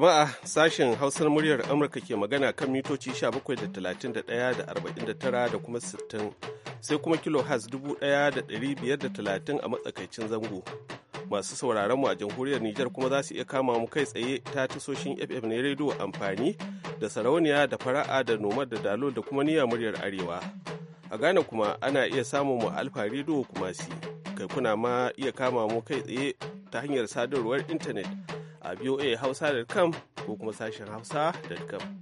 Jama'a sashen Hausar muryar Amurka ke magana kan mitoci 17 da kuma 60 sai kuma kilo has 1530 a matsakaicin zango. Masu sauraron mu a jamhuriyar Nijar kuma za su iya kama mu kai tsaye ta tasoshin ff na rediyo amfani da sarauniya da fara'a da noma da dalo da kuma niyya muryar arewa. A Ghana kuma ana iya samun mu alfa rediyo kuma si. Kai kuna ma iya kama mu kai tsaye ta hanyar sadarwar intanet a voa hausa.com ko kuma sashen hausa.com.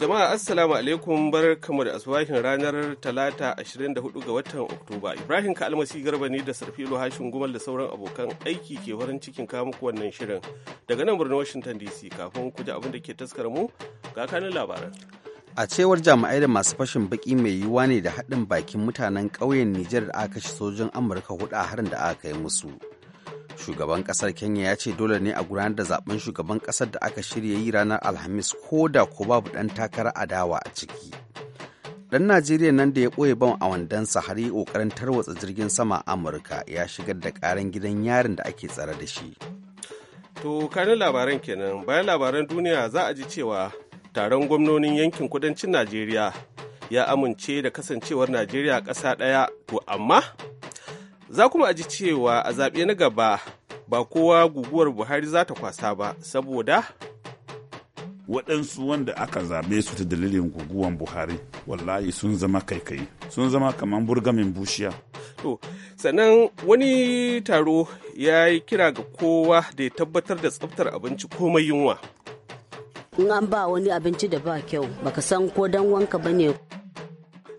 jama'a assalamu alaikum bar kamu da asubahin ranar talata 24 ga watan oktoba ibrahim ka almasi garba ne da sarfi hashin gumal da sauran abokan aiki ke farin cikin muku wannan shirin daga nan birnin washington dc kafin ku ji abin da ke taskar mu ga kanin labaran a cewar jami'ai da masu fashin baki mai yiwuwa ne da haɗin bakin mutanen ƙauyen nijar da aka kashe sojin amurka hudu a harin da aka kai musu shugaban ƙasar kenya ya ce dole ne a gudanar da zaben shugaban ƙasar da aka shirya yi ranar alhamis ko da ko babu ɗan takara adawa a ciki ɗan najeriya nan da ya ɓoye ban a wandonsa har yi ƙoƙarin tarwatsa jirgin sama amurka ya shigar da ƙaran gidan yarin da ake tsare da shi to kanin labaran kenan bayan labaran duniya za a ji cewa taron gwamnonin yankin kudancin najeriya ya amince da kasancewar najeriya ƙasa ɗaya to amma za kuma aji cewa a zaɓe na gaba ba kowa guguwar buhari za ta kwasa ba saboda waɗansu wanda aka zaɓe su ta dalilin guguwan buhari wallahi sun zama kaikai sun zama kamar burgamin bushiya to sannan wani taro ya yi kira ga kowa da ya tabbatar da tsaftar abinci komai yunwa in an ba wani abinci da ba kyau baka san ko dan wanka ba ne.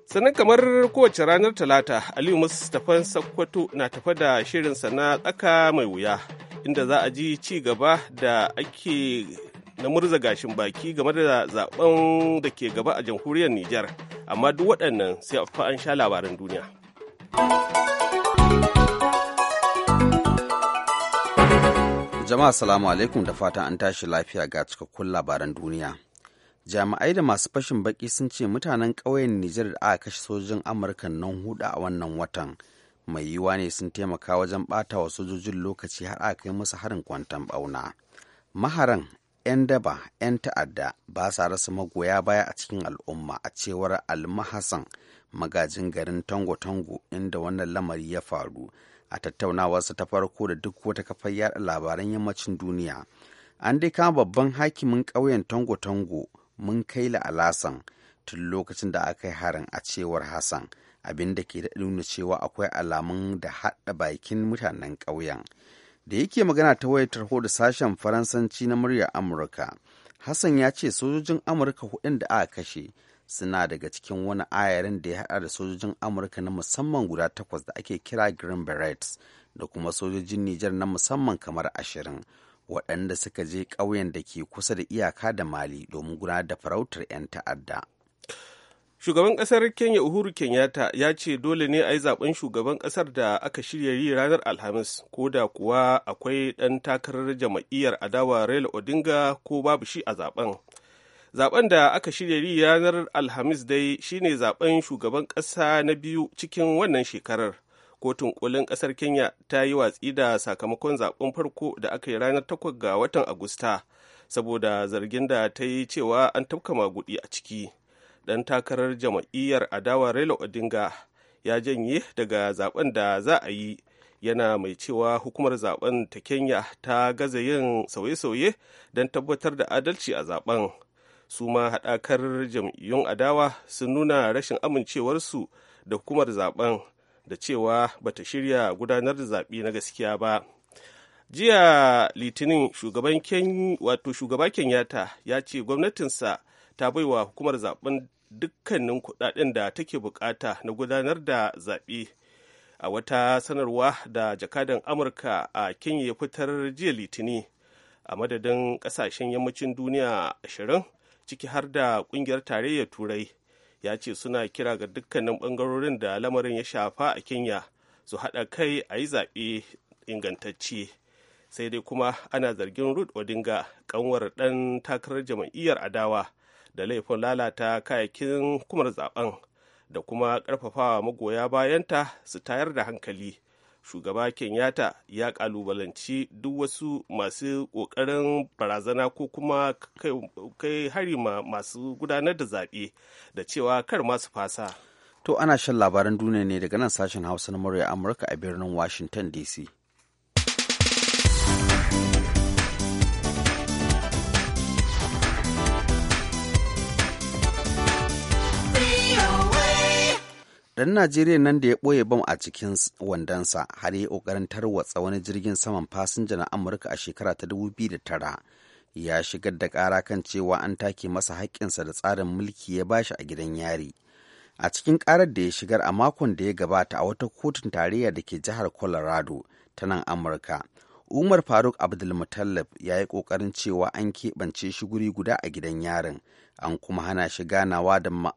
sannan kamar kowace ranar talata aliyu mustapha sakkwato na tafa da shirinsa na tsaka mai wuya inda za a ji ci gaba da ake na murza gashin baki game da zaben da ke gaba a jamhuriyar nijar amma duk waɗannan sai a fa an sha labaran duniya Jama'a salamu alaikum da fatan an tashi lafiya ga cikakkun labaran duniya. Jami'ai da masu fashin baki sun ce mutanen ƙauyen Nijar da aka kashe sojojin Amurka nan hudu a wannan watan. Mai yiwuwa ne sun taimaka wajen ɓata wa sojojin lokaci har aka kai musu harin kwantan ɓauna. Maharan 'yan daba 'yan ta'adda ba sa rasa magoya baya a cikin al'umma a cewar almahasan magajin garin tango-tango inda wannan lamari ya faru a tattaunawarsa ta farko da duk wata kafar yada labaran yammacin duniya an dai kama babban hakimin ƙauyen tango-tango mun kai la tun lokacin da aka yi harin a cewar hassan abin da ke nuna cewa akwai alamun da haɗa bakin mutanen ƙauyen da yake magana ta wayar tarho da sashen faransanci na muryar amurka hassan ya ce sojojin amurka hudun da aka kashe suna daga cikin wani ayarin da ya hada da sojojin amurka na musamman guda takwas da ake kira green berets da kuma sojojin nijar na musamman kamar ashirin waɗanda suka je ƙauyen da ke kusa da iyaka da mali domin gudanar da farautar 'yan ta'adda shugaban ƙasar kenya uhuru kenyatta ya ce dole ne a yi zaben shugaban ƙasar da aka shirya yi ranar alhamis ko da kuwa akwai ɗan takarar jama'iyyar adawa raila odinga ko babu shi a zaben zaben da aka shirya yi ranar alhamis dai shine zaben shugaban ƙasa na biyu cikin wannan shekarar kotun kolin ƙasar kenya ta yi watsi da sakamakon zaben farko da aka yi ranar 8 ga watan agusta saboda zargin da ta yi cewa an tafka magudi a ciki dan takarar jama'iyyar adawa raila odinga ya janye daga zaben da za a yi yana mai cewa hukumar zaben ta kenya ta gaza yin sauye-sauye don tabbatar da adalci a zaben su ma haɗakar jam'iyyun adawa sun nuna rashin amincewarsu da hukumar zaben da cewa bata shirya gudanar da zaɓe na gaskiya ba jiya litinin shugaban wato shugaba kenyatta ya ce gwamnatinsa ta baiwa hukumar zaben dukkanin kuɗaɗen da take bukata na gudanar da zaɓe a wata sanarwa da jakadan amurka a kenya ya fitar jiya litini a madadin ƙasashen yammacin duniya ashirin ciki har da kungiyar tarayyar turai ya ce suna kira ga dukkanin bangarorin da lamarin ya shafa a kenya su haɗa kai a yi zaɓe ingantacce sai dai kuma ana zargin rud odinga kanwar ɗan takarar jam'iyyar adawa da laifin lalata kayakin kumar zaben da kuma ƙarfafawa magoya bayanta su tayar da hankali shugaba kenyatta ya kalubalanci duk wasu masu kokarin barazana ko kuma kai hari ma masu gudanar da zaɓe da cewa kar masu fasa to ana shan labaran duniya ne daga nan sashen hausa na murya amurka a birnin washington dc ɗan najeriya nan da ya ɓoye bam a cikin wandonsa har yi ƙoƙarin tarwatsa wani jirgin saman fasinja na amurka a shekara ta 2009 ya shigar da ƙara kan cewa an take masa haƙƙinsa da tsarin mulki ya bashi a gidan yari a cikin ƙarar da ya shigar a makon da ya gabata a wata kotun tarayya da ke jihar colorado ta nan amurka umar faruk abdulmutallab ya yi ƙoƙarin cewa an keɓance shi guri guda a gidan yarin an kuma hana shi ganawa da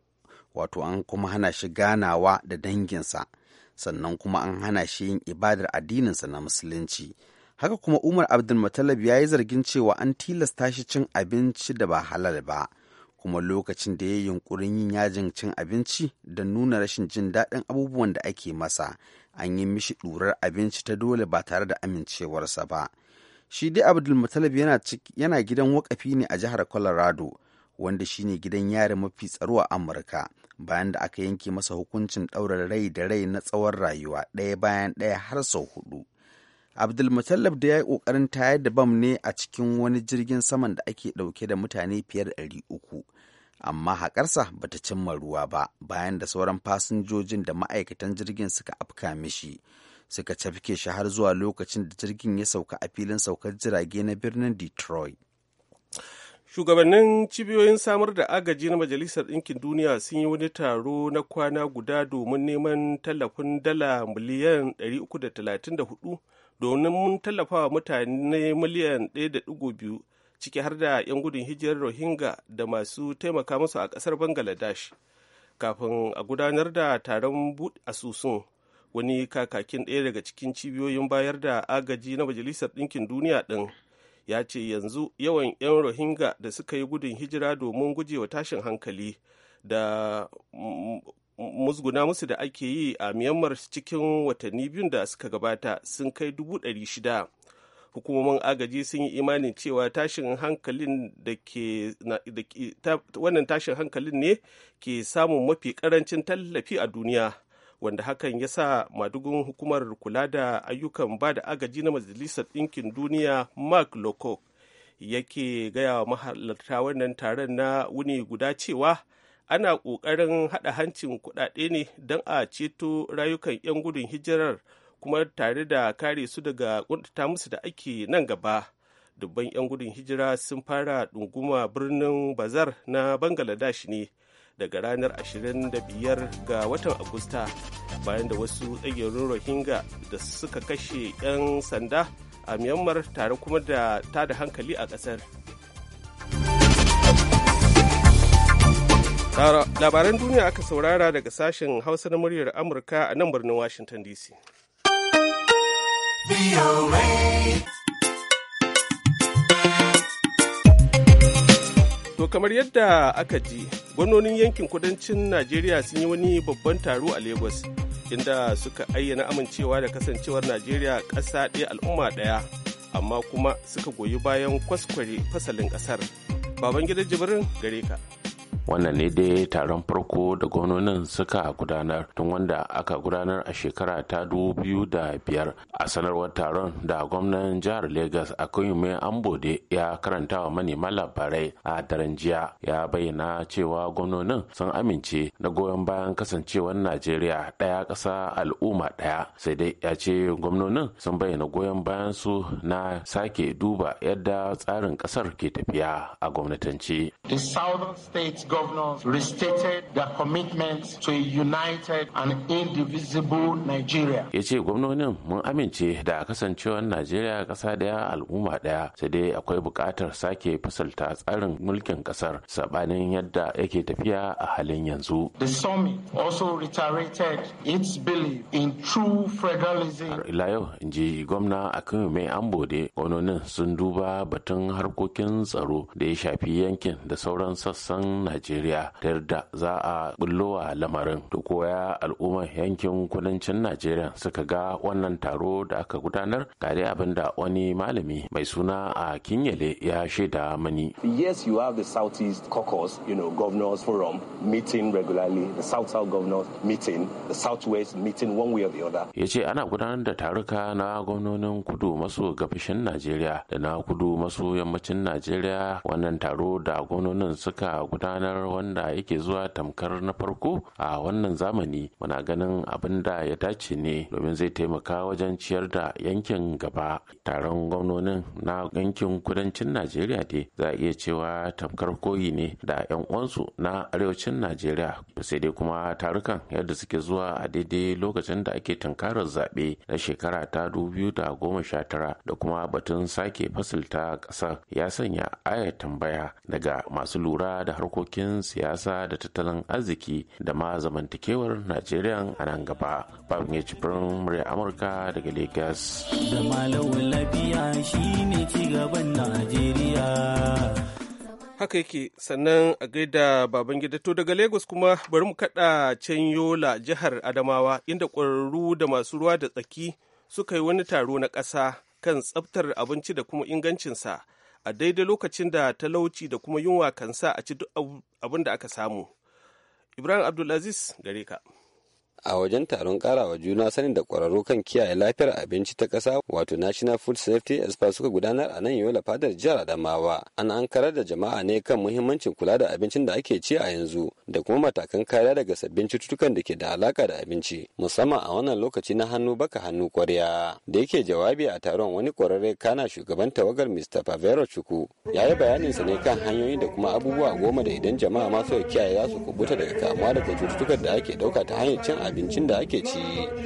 wato an kuma hana shi ganawa da danginsa sannan kuma an hana shi yin ibadar addininsa na musulunci haka kuma umar Abdulmatalab ya yi zargin cewa an tilasta shi cin abinci da ba halal ba kuma lokacin da ya yi yunkurin yin yajin cin abinci da nuna rashin jin daɗin abubuwan da ake masa an yi mishi ɗurar abinci ta dole ba tare da amincewarsa ba shi dai abdulmutalab yana, gidan wakafi ne a jihar colorado wanda shine gidan yari mafi tsaro a amurka bayan da aka yanke masa hukuncin ɗaurar rai da rai na tsawon rayuwa ɗaya bayan ɗaya har sau hudu. Abdulmutallab da ya yi ƙoƙarin tayar da bam ne a cikin wani jirgin saman da ake ɗauke da mutane fiye da ɗari uku. Amma haƙarsa ba ta cimma ruwa ba bayan da sauran fasinjojin da ma'aikatan jirgin suka afka mishi. Suka cafke shi har zuwa lokacin da jirgin ya sauka a filin saukar jirage na birnin Detroit. shugabannin cibiyoyin samar da agaji na majalisar ɗinkin duniya sun yi wani taro na kwana guda domin neman tallafin dala miliyan 334 domin tallafawa mutane miliyan 1.2 ciki har da 'yan gudun hijirar rohingya da masu taimaka masu a ƙasar bangaladesh kafin a gudanar da taron buɗe asusun wani kakakin ɗaya daga cikin cibiyoyin bayar da agaji na majalisar ɗinkin duniya ɗin ya ce yanzu yawan 'yan rohingya da suka yi gudun hijira domin gujewa tashin hankali da musguna musu da ake yi a myanmar cikin watanni biyun da suka gabata sun kai dubu shida hukumomin agaji sun yi imanin cewa tashin hankalin da ke wannan tashin hankalin ne ke samun mafi karancin tallafi a duniya wanda hakan ya sa madugun hukumar kula da ayyukan ba da agaji na majalisar ɗinkin duniya mark lowcock yake gaya wa mahalarta wannan taron na wuni guda cewa ana ƙoƙarin haɗa hancin kuɗaɗe ne don a ceto rayukan 'yan gudun hijirar kuma tare da kare su daga ƙuntata musu da ake nan gaba dubban 'yan gudun hijira sun fara ɗunguma birnin bazar na bangaladesh ne daga ranar 25 ga watan agusta bayan da wasu tsagirin rohingya da suka kashe 'yan sanda a myanmar tare kuma da tada hankali a ƙasar labaran duniya aka saurara daga sashen hausa na muryar amurka a nan birnin washington dc To kamar yadda aka ji gwamnonin yankin kudancin najeriya sun yi wani babban taro a lagos inda suka ayyana amincewa da kasancewar najeriya ƙasa ɗaya al'umma ɗaya amma kuma suka goyi bayan kwaskware fasalin ƙasar baban gidan jibirin gare ka wannan ne dai taron farko da gwamnonin suka gudanar tun wanda aka gudanar a shekara ta dubu biyu da biyar a sanarwar taron da gwamnan jihar Legas lagos akwai ambode ya karanta wa manema labarai a daren jiya ya bayyana cewa gwamnonin sun amince na goyon bayan kasancewar najeriya ɗaya ƙasa al'umma ɗaya sai dai ya ce gwamnonin sun bayyana goyon bayan su na sake duba yadda tsarin ƙasar ke tafiya a gwamnatance. governors restated their commitment to a united and indivisible Nigeria. Ya ce gwamnonin mun amince da kasancewar Najeriya ƙasa ɗaya al'umma ɗaya sai dai akwai buƙatar sake fasalta tsarin mulkin ƙasar saɓanin yadda yake tafiya a halin yanzu. The summit also reiterated its belief in true federalism. Har ila yau in ji gwamna Akinwumi mai ambode gwamnonin sun duba batun harkokin tsaro da ya shafi yankin da sauran sassan Najeriya. najeriya ta yarda za a bullowa lamarin da koya al'ummar yankin kudancin najeriya suka ga wannan taro da aka gudanar ga dai abin da wani malami mai suna a kinyele ya shaida mani yes you have the southeast caucus you know governors forum meeting regularly the south south governors meeting the southwest meeting one way or the other ya ce ana gudanar da taruka na gwamnonin kudu maso gabashin najeriya da na kudu maso yammacin najeriya wannan taro da gwamnonin suka gudanar tamkar wanda yake zuwa tamkar na farko a wannan zamani muna ganin abin da ya dace ne domin zai taimaka wajen ciyar da yankin gaba taron gwamnonin na yankin kudancin najeriya dai za a iya cewa tamkar koyi ne da 'yan uwansu na arewacin najeriya sai dai kuma tarukan yadda suke zuwa a daidai lokacin da ake tunkarar zaɓe na shekara ta biyu da goma sha tara da kuma batun sake fasilta ƙasa, ya sanya aya tambaya daga masu lura da harkokin harkokin siyasa da tattalin arziki da ma zamantakewar najeriya a nan gaba babin ya ci murya amurka daga Legas. da malawun lafiya shine ci gaban najeriya haka yake sannan a gaida baban gida to daga lagos kuma bari mu kada can yola jihar adamawa inda ƙwararru da masu ruwa da tsaki suka yi wani taro na ƙasa kan tsaftar abinci da kuma ingancinsa a daidai lokacin da talauci da kuma yunwa kan sa a ci duk abin da aka samu ibrahim abdulaziz gare ka a wajen taron karawa juna sanin da kwararru kan kiyaye lafiyar abinci ta ƙasa wato national food safety experts suka gudanar a nan yola fadar jihar adamawa an ankarar da jama'a ne kan muhimmancin kula da abincin da ake ci a yanzu da kuma matakan kariya daga sabbin cututtukan da ke da alaka da abinci musamman a wannan lokaci na hannu baka hannu kwarya da yake jawabi a taron wani kwararre kana shugaban tawagar mr pavero chuku ya yi sa ne kan hanyoyi da kuma abubuwa goma da idan jama'a masu kiyaye za su kubuta daga kamuwa daga cututtukan da ake dauka ta hanyar cin abinci abincin da ake ci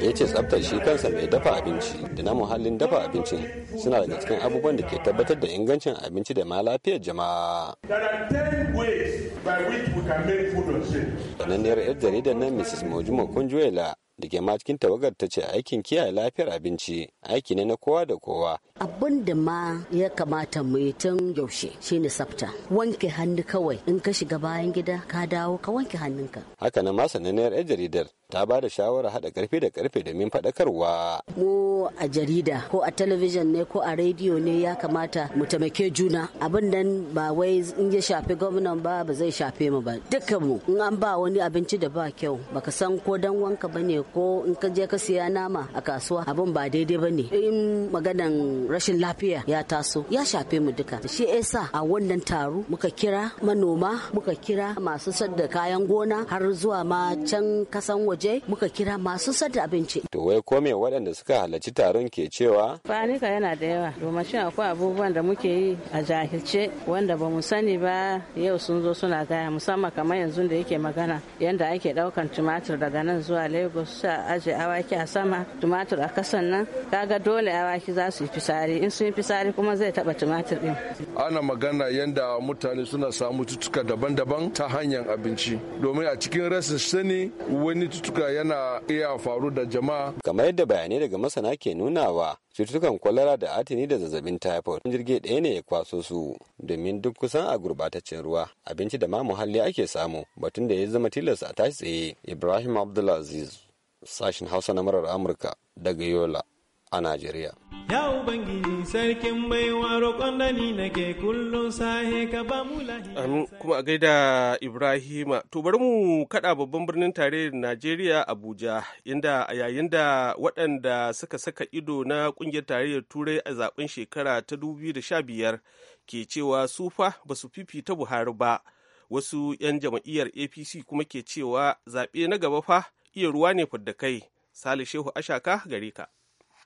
ya ce tsabtar shi kansa mai dafa abinci da na muhallin dafa abincin suna daga cikin abubuwan da ke tabbatar da ingancin abinci da ma lafiyar jama'a. Sananniyar 'yar jaridar nan Mrs. mojimo Kunjuela da ke ma cikin tawagar ta ce aikin kiyaye lafiyar abinci aiki ne na kowa da kowa. Abin da ma ya kamata mu yi tun yaushe shine tsafta. Wanke hannu kawai in ka shiga bayan gida ka dawo ka wanke hannunka. Haka na ma sananniyar 'yar jaridar ta ba da shawarar haɗa karfe da karfe min faɗakarwa. Mu a jarida ko a talabijin ne ko a rediyo ne ya kamata mu taimake juna abin nan ba wai in ya shafi gwamnan ba ba zai shafe mu ba dukkan mu in an ba wani abinci da ba kyau baka san ko dan wanka bane ko in ka je ka siya nama a kasuwa abin ba daidai ba ne. in maganan rashin lafiya ya taso ya shafe mu duka shi yasa a wannan taro muka kira manoma muka kira masu sadda kayan gona har zuwa ma can kasan waje waje muka kira masu sadda abinci. To wai kome waɗanda suka halarci taron ke cewa? Fanika yana da yawa domin shi akwai abubuwan da muke yi a jahilce wanda ba mu sani ba yau sun zo suna gaya musamman kamar yanzu da yake magana yanda ake ɗaukan tumatir daga nan zuwa Lagos sa aje awaki a sama tumatir a kasan nan kaga dole awaki za su yi fisari in sun yi fisari kuma zai taɓa tumatir ɗin. Ana magana yanda mutane suna samu cutuka daban-daban ta hanyar abinci domin a cikin rashin sani wani cututtuka yana iya faru da jama'a. Kamar yadda bayanai daga masana ke nunawa cututtukan kwalara da atini da zazzabin typhoid jirgi ɗaya ne ya kwaso su domin duk kusan a gurbataccen ruwa abinci da ma muhalli ake samu batun da ya zama tilas a tashi tsaye. Ibrahim Abdulaziz sashin Hausa na marar Amurka daga Yola. a Najeriya. Ya Ubangiji sarkin baiwa roƙon da ni nake kullum sahe ka ba mu lahi. kuma a gaida Ibrahima. To bari mu kaɗa babban birnin tarayyar Najeriya Abuja inda a yayin da waɗanda suka saka ido na ƙungiyar tarayyar Turai a zaɓen shekara ta biyar ke cewa su fa ba su fifita Buhari ba. Wasu 'yan jam'iyyar APC kuma ke cewa zaɓe na gaba fa iya ruwa ne fadda kai. Sale Shehu Ashaka gare ka.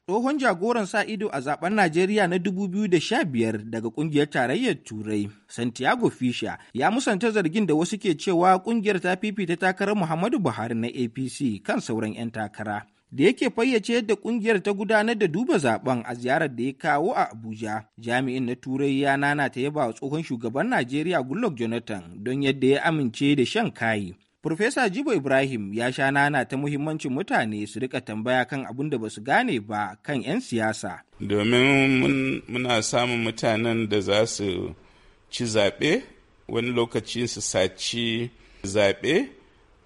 tsohon jagoran sa ido a zaben Najeriya na 2015 daga kungiyar tarayyar Turai, Santiago Fisha, ya musanta zargin da wasu ke cewa kungiyar ta fifita takarar Muhammadu Buhari na APC kan sauran 'yan takara. da yake fayyace yadda kungiyar ta gudanar da duba zaben a ziyarar da ya kawo a Abuja. Jami'in na Turai ya nana ta yaba tsohon shugaban Najeriya Goodluck Jonathan don yadda ya amince da shan kayi. Profesa Jibo Ibrahim ya sha nana ta muhimmancin mutane su rika tambaya kan abin da ba su gane ba kan 'yan siyasa. Domin muna samun mutanen da za su ci zaɓe, wani lokaci su saci zaɓe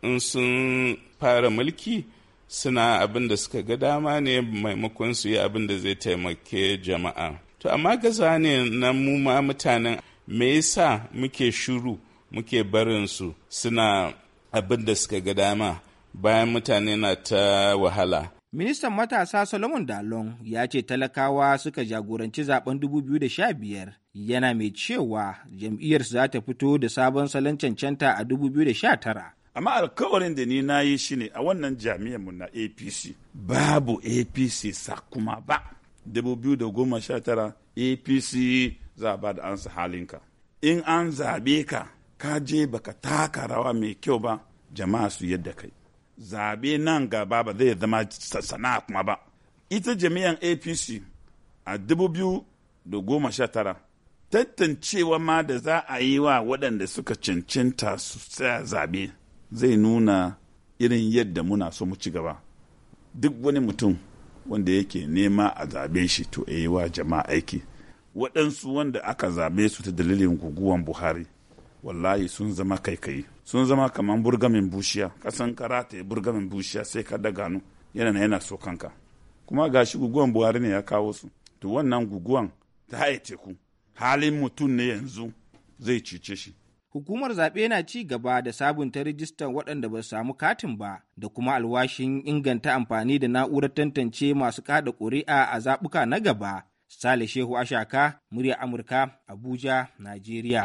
in sun fara mulki suna abin da suka ga dama ne maimakon su yi abin da zai taimake jama'a. To amma gaza ne na mu ma mutanen me yasa muke shuru muke barin su suna abin da suka ga dama bayan mutane na ta wahala. Ministan matasa Solomon Dalon ya ce talakawa suka jagoranci zaben 2015 yana mai cewa jam'iyyar za ta fito da sabon salon cancanta a 2019. Amma alkawarin da ni na yi shi ne a wannan mu na APC. Babu APC sakuma ba. 2019 APC za ba da ansa halinka. In an zabe ka, ka je baka taka rawa mai kyau ba, jama'a su yadda kai zabe nan gaba ba zai zama sana'a kuma ba ita jami'an apc a dubu biyu da goma sha tara tantancewa ma da za a yi wa waɗanda suka cancanta su tsaya zabe zai nuna irin yadda muna so mu ci gaba duk wani mutum wanda yake nema a zabe shi to yi wa jama'a aiki waɗansu wanda aka zabe su ta dalilin guguwan buhari wallahi sun zama kaikayi sun zama kamar burgamin bushiya kasan karata burgamin bushiya sai ka da gano yana na yana so kanka kuma gashi guguwan buhari ne ya kawo su to wannan guguwan ta haye teku halin mutum ne yanzu zai cice shi hukumar zaɓe na ci gaba da sabunta rijistan waɗanda ba su samu katin ba da kuma alwashin inganta amfani da na'urar tantance masu kada ƙuri'a a zaɓuka na gaba Sale Shehu Ashaka, murya Amurka, Abuja, Najeriya.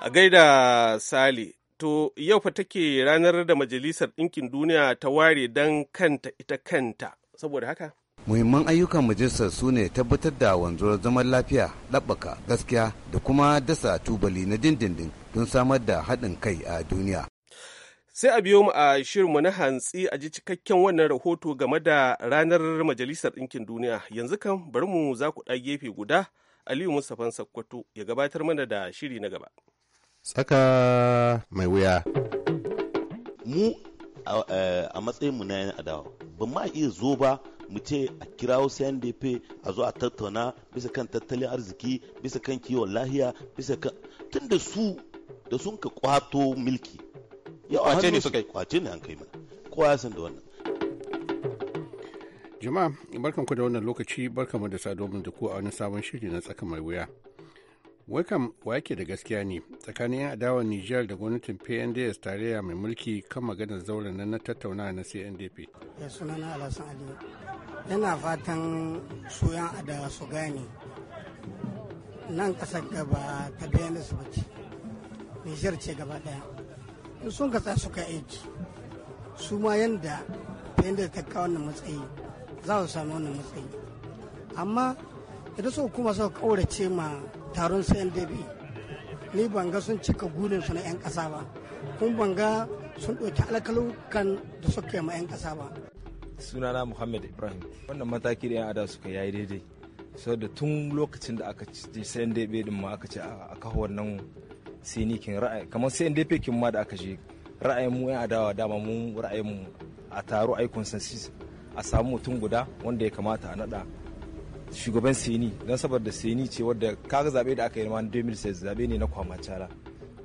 A gaida Sale, to yau fa take ranar da Majalisar Ɗinkin Duniya ta ware don kanta ita kanta, saboda haka? Muhimman ayyukan majalisar su ne tabbatar da wanzuwar zaman lafiya, ɗabbaka gaskiya da kuma dasa tubali na dindindin don samar da haɗin kai a duniya. sai a biyo mu a shirinmu na hantsi a ji cikakken wannan rahoto game da ranar majalisar ɗinkin duniya yanzu kan bari mu za ku ɗa gefe guda aliyu mustapha sakkwato ya gabatar mana da shiri na gaba tsaka mai wuya mu a matsayin matsayinmu na yan adawa ba ma iya zo ba mu ce a kirawo CNDP a zo a tattauna bisa kan tattalin arziki bisa kan kiwon lahiya bisa kan tun da su da sun ka kwato milki kwace ne suka yi kwace ne an kai mana kowa da wannan jama'a barkan ku da wannan lokaci barkan mu da sadomin da ku a wani sabon shiri na tsaka mai wuya wai kam wa yake da gaskiya ne tsakanin yan adawar niger da gwamnatin pnds tarayya mai mulki kan maganar zauren nan na tattauna na cndp ya na alasan ali yana fatan su yan adawa su gane nan kasar gaba ta da ba ce niger ce gaba daya in sun ka suka aiki su ma yadda yadda ta kawo wannan matsayi za su sami wannan matsayi amma idan suka kuma suka kaurace ma taron CNDB ni ban ga sun cika gudun su na 'yan kasa ba kuma ban ga sun ɗauki alkalukan da suka yi ma 'yan kasa ba sunana muhammad ibrahim wannan mataki da 'yan ada suka yayi daidai da tun lokacin da aka ce CNDB din ma aka ce a kawo wannan sai ni kin ra'ayi kamar sai inda kin ma da aka je ra'ayin mu yan adawa dama mu ra'ayin mu a taro ai consensus a samu mutum guda wanda ya kamata a nada shugaban seni don saboda seni ce wadda kaga zabe da aka yi ma 2006 zabe ne na kwamacara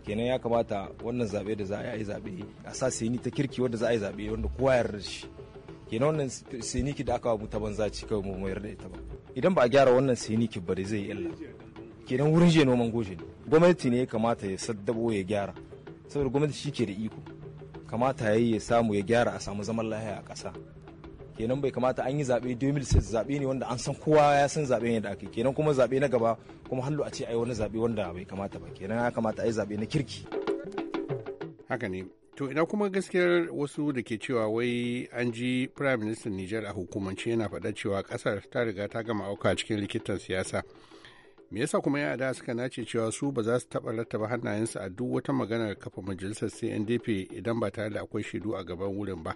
kenan ya kamata wannan zabe da za a yi zabe a sa seni ta kirki wadda za a yi zabe wanda kowa yarda shi kenan wannan ki da aka wa mu ta banza ci kawai mu yarda ita ba idan ba a gyara wannan ki ba zai yi illa kenan wurin je noman ne gwamnati ne ya kamata ya saddabo ya gyara saboda gwamnati shi ke da iko kamata ya yi ya samu ya gyara a samu zaman lahiya a ƙasa kenan bai kamata an yi zaɓe 2006 zaɓe ne wanda an san kowa ya san zaɓe ne da ake kenan kuma zaɓe na gaba kuma hallo a ce a yi wani zaɓe wanda bai kamata ba kenan ya kamata a yi zaɓe na kirki haka ne to ina kuma gaskiyar wasu da ke cewa wai an ji prime minister niger a hukumance yana faɗa cewa ƙasar ta riga ta gama auka cikin likitan siyasa me yasa kuma ya da suka nace cewa su ba za su taɓa rattaba hannayensu a duk wata maganar kafa majalisar cndp idan ba tare da akwai shaidu a gaban wurin ba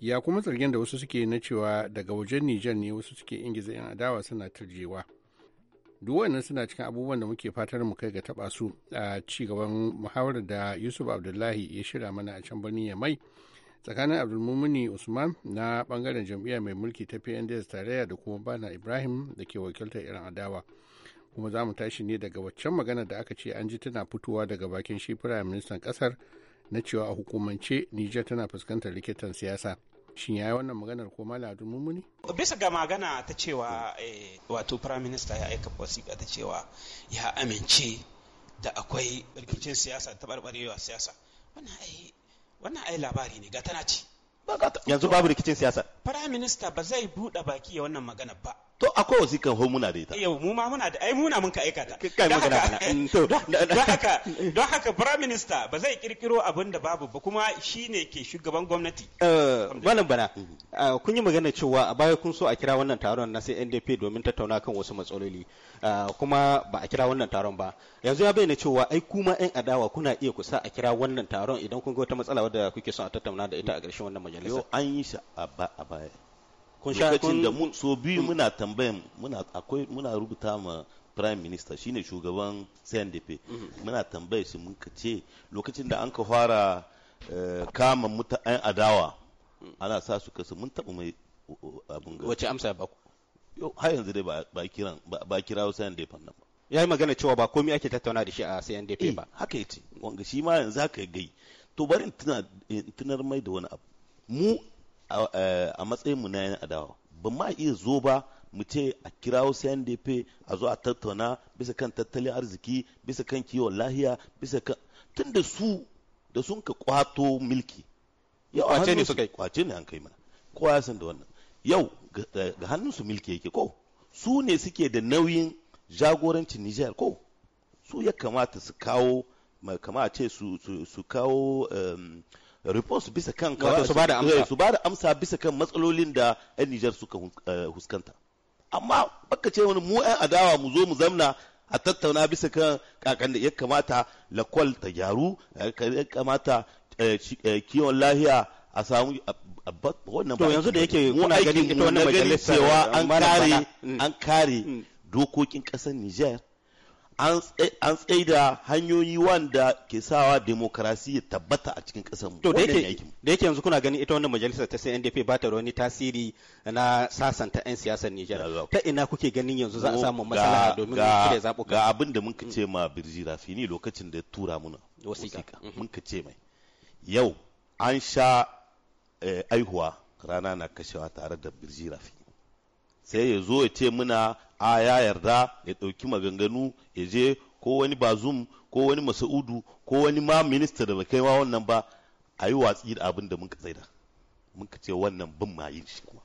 ya kuma zargin da wasu suke na cewa daga wajen nijar ne wasu suke ingiza 'yan adawa suna turjewa duk wannan suna cikin abubuwan da muke fatar mu kai ga taɓa su a ci gaban muhawarar da yusuf abdullahi ya shirya mana a can birnin yamai tsakanin abdulmumini usman na bangaren jam'iyya mai mulki ta pnds tarayya da kuma bana ibrahim da ke wakiltar irin adawa kuma za mu tashi ne daga waccan magana da aka ce an ji tana fitowa daga bakin shi firayim ministan kasar na cewa a hukumance Nijar tana fuskantar likitan siyasa. Shin ya yi wannan maganar ko maladun mummuni? Bisa ga magana ta cewa eh, wato firayim minista ya aika wasiƙa ta cewa ya amince da akwai rikicin siyasa ta barbarewa siyasa. Wannan ai labari ne ga tana ci. Yanzu babu rikicin siyasa. Firayim minista ba zai buɗe baki ya wannan magana ba. to akwai wasikan ho muna da ita yau mu ma muna da ai muna mun ka aika ta kai magana mm, to don haka don haka prime minister ba zai kirkiro abin da babu ba kuma shine ke shugaban gwamnati eh, malam bana eh, kun yi magana cewa a baya kun so a kira wannan taron na sai NDP domin tattauna kan wasu matsaloli eh, kuma ba a kira wannan taron ba yanzu ya bayyana cewa ai kuma yan adawa kuna iya kusa a kira wannan taron idan kun ga wata matsala wadda kuke son a tattauna da ita a ƙarshen wannan majalisa an yi shi a baya kun sha lokacin da mun so biyu muna tambayan muna akwai muna rubuta ma prime minister shine shugaban CNDP mhm. muna tambayar shi mun ce lokacin da an ka fara eh, kama mutane adawa mhm. ana sa su kasu mun taɓa mai abin wace amsa ba ku har yanzu dai ba kiran ba kirawo CNDP nan ba ya yi magana cewa ba komai ake tattauna da shi a CNDP eh, ba haka yace wanga shi ma yanzu haka gai to bari tunar mai da wani abu mu a matsayinmu na yan adawa ba ma iya zo ba mu ce a kirawo CNDP a zo a tattauna bisa kan tattalin arziki bisa kan kiwon lahiya bisa kan tun da su da sun ka kwato milki kwace ne suka yi kwace ne an kai mana kowa ya san da wannan yau ga hannunsu milki yake ko su ne suke da nauyin jagorancin Nijar ko su ya kamata su kawo kama a ce su kawo um, response bisa kan su ba da eh, amsa bisa kan matsalolin da yan Nijar suka eh, huskanta amma baka ce wani mu yan adawa mu zo mu zamna a tattauna bisa kan kakan da ya kamata lakwal ta gyaru ya kamata eh, kiwon lahiya a samu wannan to yanzu da yake muna ganin ita wannan majalisar cewa an kare an kare mm. dokokin kasar Nijar an tsaida hanyoyi wanda ke sawa demokrasi tabbata a cikin ƙasar mu. To da yake yanzu kuna ganin ita wannan majalisar ta CNDP ba ta wani tasiri na sasanta 'yan siyasar Nijar. Ta ina kuke ganin yanzu za a samu matsala domin kire zaɓuka. Ga abin da muka ce mm. ma Birji Rafini lokacin da ya tura muna. Wasiƙa. Mm-hmm. Muka ce mai. Yau an sha eh, aihuwa rana na kashewa tare da Birji Rafini. Sai ya zo ya ce muna a ya yarda ya ɗauki maganganu ya je ko wani bazum ko wani masa'udu ko wani ma minista da kai ma wannan ba a yi watsi da abin da mun ka tsaida mun ka ce wannan bin ma yin shi kuma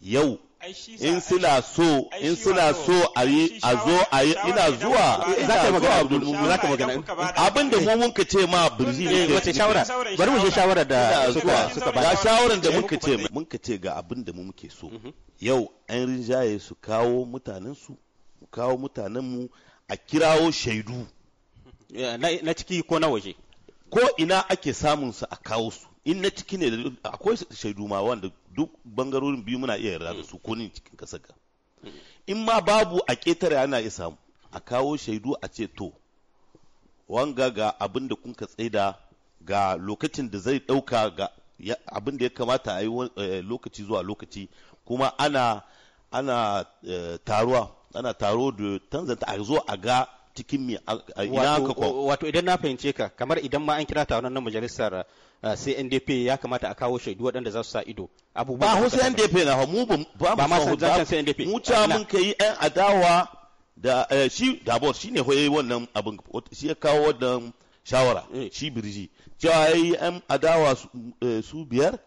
yau in suna so in suna so a yi a zo a yi ina zuwa za ka abdul mumin za ka magana abin da mu ka ce ma burzi eh, ne wace shawara bari mu je shawara da suka suka ba ga shawaran da mun ka ce mun ka ce ga abin da mu muke so mhm. yau an rinjaye su kawo mutanen su kawo mutanen mu a kirawo shaidu na ciki ko na waje ko ina ake samun su a kawo su in na ciki ne akwai shaidu ma wanda duk bangarorin biyu muna iya yarda da su ko ni cikin kasar ka in ma babu a ketare ana iya samu a kawo shaidu a ce to wanga ga abin da kun ka tsaida ga lokacin da zai dauka ga abin da ya kamata a yi eh, lokaci zuwa lokaci kuma ana ana eh, taruwa ana taro da tanzanta a zo a ga cikin me ina ka ko wato idan na fahimce ka kamar idan ma an kira ta wannan majalisar uh, sai NDP ya kamata a kawo shaidu waɗanda za su sa ido abubuwa ba sai NDP na mu ba ba ma san zancen sai NDP mu ta mun kai yan adawa da eh, shi shi ne hoye wannan abin shi ya kawo wannan shawara eh. shi birji cewa yi yan adawa su eh, biyar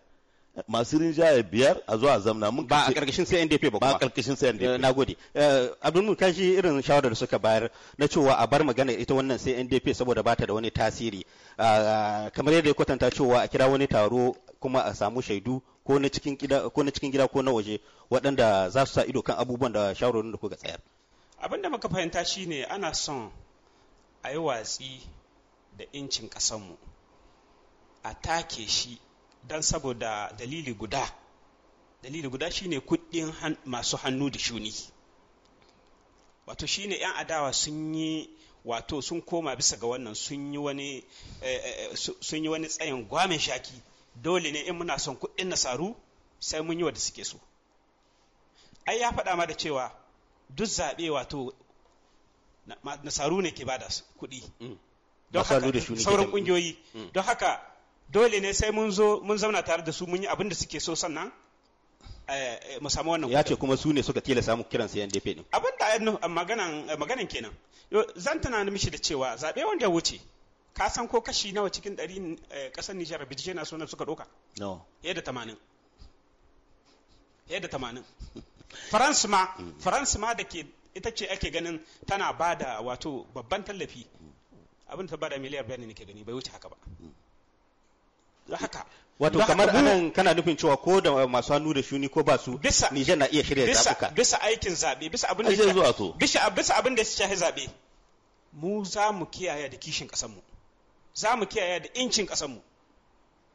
masu rinjaye biyar a zuwa zamna mun ba a karkashin CNDP ba ba a karkashin CNDP eh, na gode eh, abdul ka kashi irin shawarar da suka bayar na cewa a bar magana ita wannan CNDP saboda bata da wani tasiri eh, kamar yadda ya kwatanta cewa a kira wani taro kuma a samu shaidu ko na cikin gida ko na cikin gida ko na waje waɗanda za su sa ido kan abubuwan da shawarorin da kuka tsayar abin da muka fahimta shine ana son a yi watsi da incin ƙasanmu a take shi don saboda dalili guda dalili guda shine kuɗin masu hannu da shuni wato shine 'yan adawa sun yi wato sun koma bisa ga wannan sun yi wani eh, eh, eh, sun yi wani tsayin gwamin shaki dole ne in muna son kuɗin nasaru sai mun yi wa da suke so ai ya faɗa ma da cewa duk zaɓe wato nasaru ne ke bada kuɗi don haka sauran ƙungiyoyi don haka dole ne sai mun zo mun zauna tare da su mun yi abin da suke so sannan eh, eh, mu samu wannan ya ce kuma su ne suka tilasta mu kiran sai NDP ne abin da eh, maganan maganan kenan zan tunani mishi da cewa zabe wanda ya wuce ka san ko kashi nawa cikin ɗari ƙasar Nijar bijije na sunan suka ɗauka no yadda tamanin yadda tamanin France ma mm. France ma da ke ita ce ake ganin tana bada wato babban tallafi mm. abin da ta bada miliyar biyar ne ke gani bai wuce haka ba mm. haka wato kamar anan kana nufin cewa ko da masu hannu da shuni ko ba su Nijar na iya shirya zabuka bisa aikin zaɓe bisa abin da ya zuwa to bisa bisa abin da ya shafi zabe mu za mu kiyaye da kishin kasar mu za mu kiyaye da incin kasar mu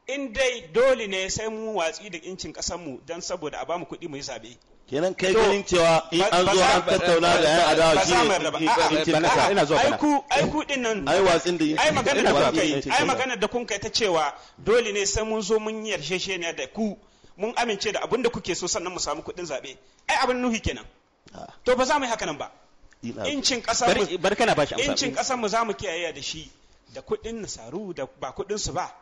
in dai dole ne sai mu watsi da incin kasar mu dan saboda a bamu kuɗi mu yi zaɓe. kenan kai ganin cewa in an zo an tattauna da yan adawa shi ne in nasa ina zo kana aiku ku din nan ai watsin da ai magana da kai ai magana da kun kai ta cewa dole ne sai mun zo mun yarshe shi ne da ku mun amince da abin da kuke so sannan mu samu kuɗin zabe ai abin nuhi kenan to ba za mu yi haka nan ba incin shi mu incin ƙasar mu za mu kiyaye da shi da kuɗin nasaru da ba kuɗin su ba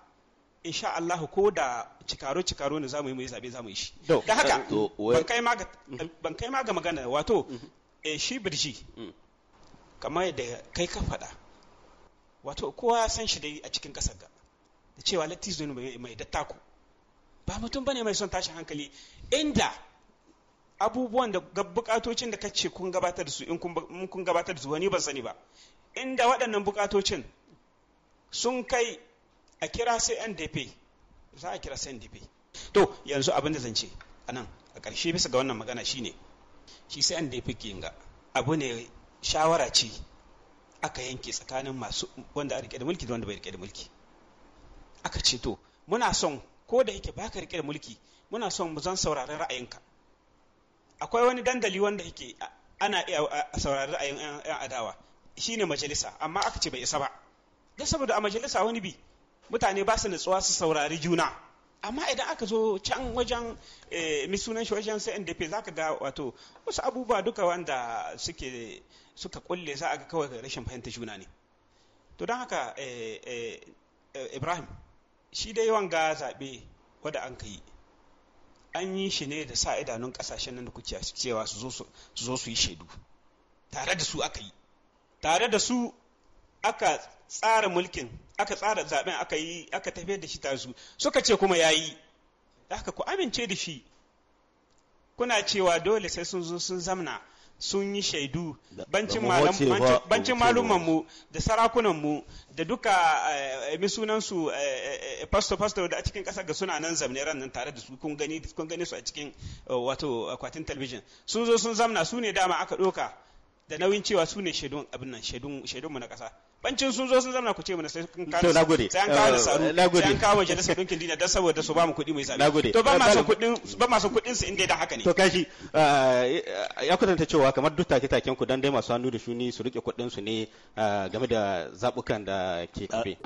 insha Allah ko da cikaro cikaro ne zamu yi mai zabe zamu yi shi da haka ban kai ma ga mm. ban kai ma ga magana wato mm-hmm. eh shi birji mm. kamar yadda kai ka faɗa wato kowa ya san shi dai a cikin kasar ga da cewa latis ne mai dattako ba mutum bane mai son tashin hankali inda abubuwan da bukatocin da kace kun gabatar da su in kun gabatar da su wani ban sani ba inda waɗannan bukatocin sun kai a kira sai ndp za a kira sai ndp to yanzu abin da zan ce a nan a ƙarshe bisa ga wannan magana shine shi sai ndp kinga abu ne shawara ce aka yanke tsakanin masu wanda a rike da mulki da wanda bai rike da mulki aka ce to muna son ko da yake baka rike da mulki muna son mu zan saurari ra'ayinka akwai wani dandali wanda yake ana iya saurari ra'ayin 'yan adawa shine majalisa amma aka ce bai isa ba don saboda a majalisa wani bi mutane ba su nutsuwa su saurari juna amma idan aka zo can wajen eh, misunan shi wajen sai ndp za ka ga wato wasu abubuwa duka wanda suke suka kulle za a ga kawai rashin fahimta juna ne to don haka eh, eh, ibrahim shi dai ga zaɓe wadda an ka yi an yi shi ne da sa idanun ƙasashen nan da kuke cewa su zo su yi shaidu tare da su aka yi tare da su aka tsara mulkin aka tsara zaben aka yi aka tafiyar da shi ta zu suka ce kuma yayi haka ku amince da shi kuna cewa dole sai sun zo sun zamna sun yi shaidu bancin malumanmu da sarakunanmu da duka eh, eh, mi sunansu fasto-fasto eh, da a cikin kasar ga suna nan zamne ran nan tare da su kun gani su a cikin wato akwatin talbijin sun zo sun zamna su ne dama aka ɗoka da nauyin cewa su ne shaidun abin nan shaidun mu na kasa bancin sun zo sun zama ku ce mana sai kun kawo sai an kawo da eh, saru sai an kawo majalisar dinkin dina dan saboda su ba mu kuɗi mai tsada to ba ma son kuɗin ba ma son kuɗin su inda da haka ne to kashi eh, ya kudanta cewa kamar duk take taken ku dan dai masu hannu da shuni su rike kuɗin su ne eh, game da zabukan da ke kabe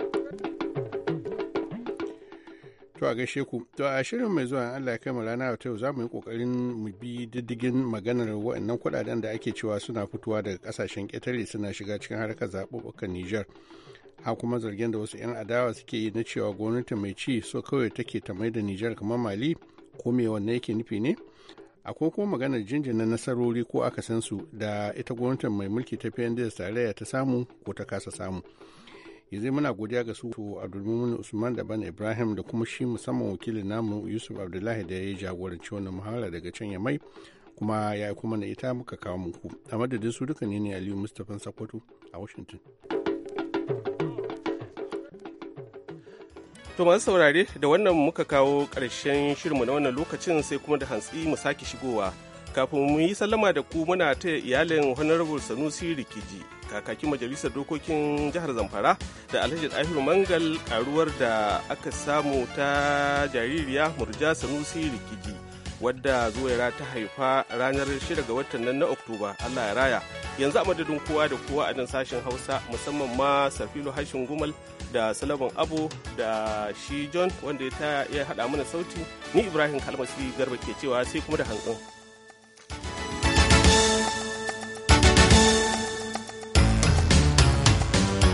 To a gaishe ku, to a shirin mai zuwa Allah ya mu rana ta yau za mu yi ƙoƙarin mu bi diddigin maganar waɗannan kuɗaɗen da ake cewa suna fitowa daga ƙasashen ƙetare suna shiga cikin harkar zaɓuɓɓukan Nijar. Ha kuma zargin da wasu 'yan adawa suke yi na cewa gwamnati mai ci so kawai take ta mai da Nijar kamar Mali ko me wanne yake nufi ne? Akwai kuma maganar jinjina nasarori ko aka san su? da ita gwamnatin mai mulki ta PNDS tarayya ta samu ko ta kasa samu. yanzu muna godiya ga su abdulmumin usman da ban ibrahim da kuma shi musamman wakilin namu yusuf abdullahi da ya yi jagoranci wannan muhawara daga can ya mai kuma ya yi kuma na ita muka kawo muku a madadin su duka ne aliyu mustapha sakwato a washington to masu saurare da wannan muka kawo ƙarshen shirinmu na wannan lokacin sai kuma da hantsi mu sake shigowa kafin mu yi sallama da ku muna taya iyalin honorable sanusi rikiji kakakin majalisar dokokin jihar zamfara da alhaji ahiru mangal karuwar da aka samu ta jaririya murja sanusi rikiji wadda zuwaira ta haifa ranar 6 ga watan nan na oktoba allah ya raya yanzu a madadin kowa da kowa a nan sashen hausa musamman ma safilo hashin gumal da salaman abu da shi john wanda ya haɗa mana sauti ni ibrahim kalmasi garba ke cewa sai kuma da hantsin.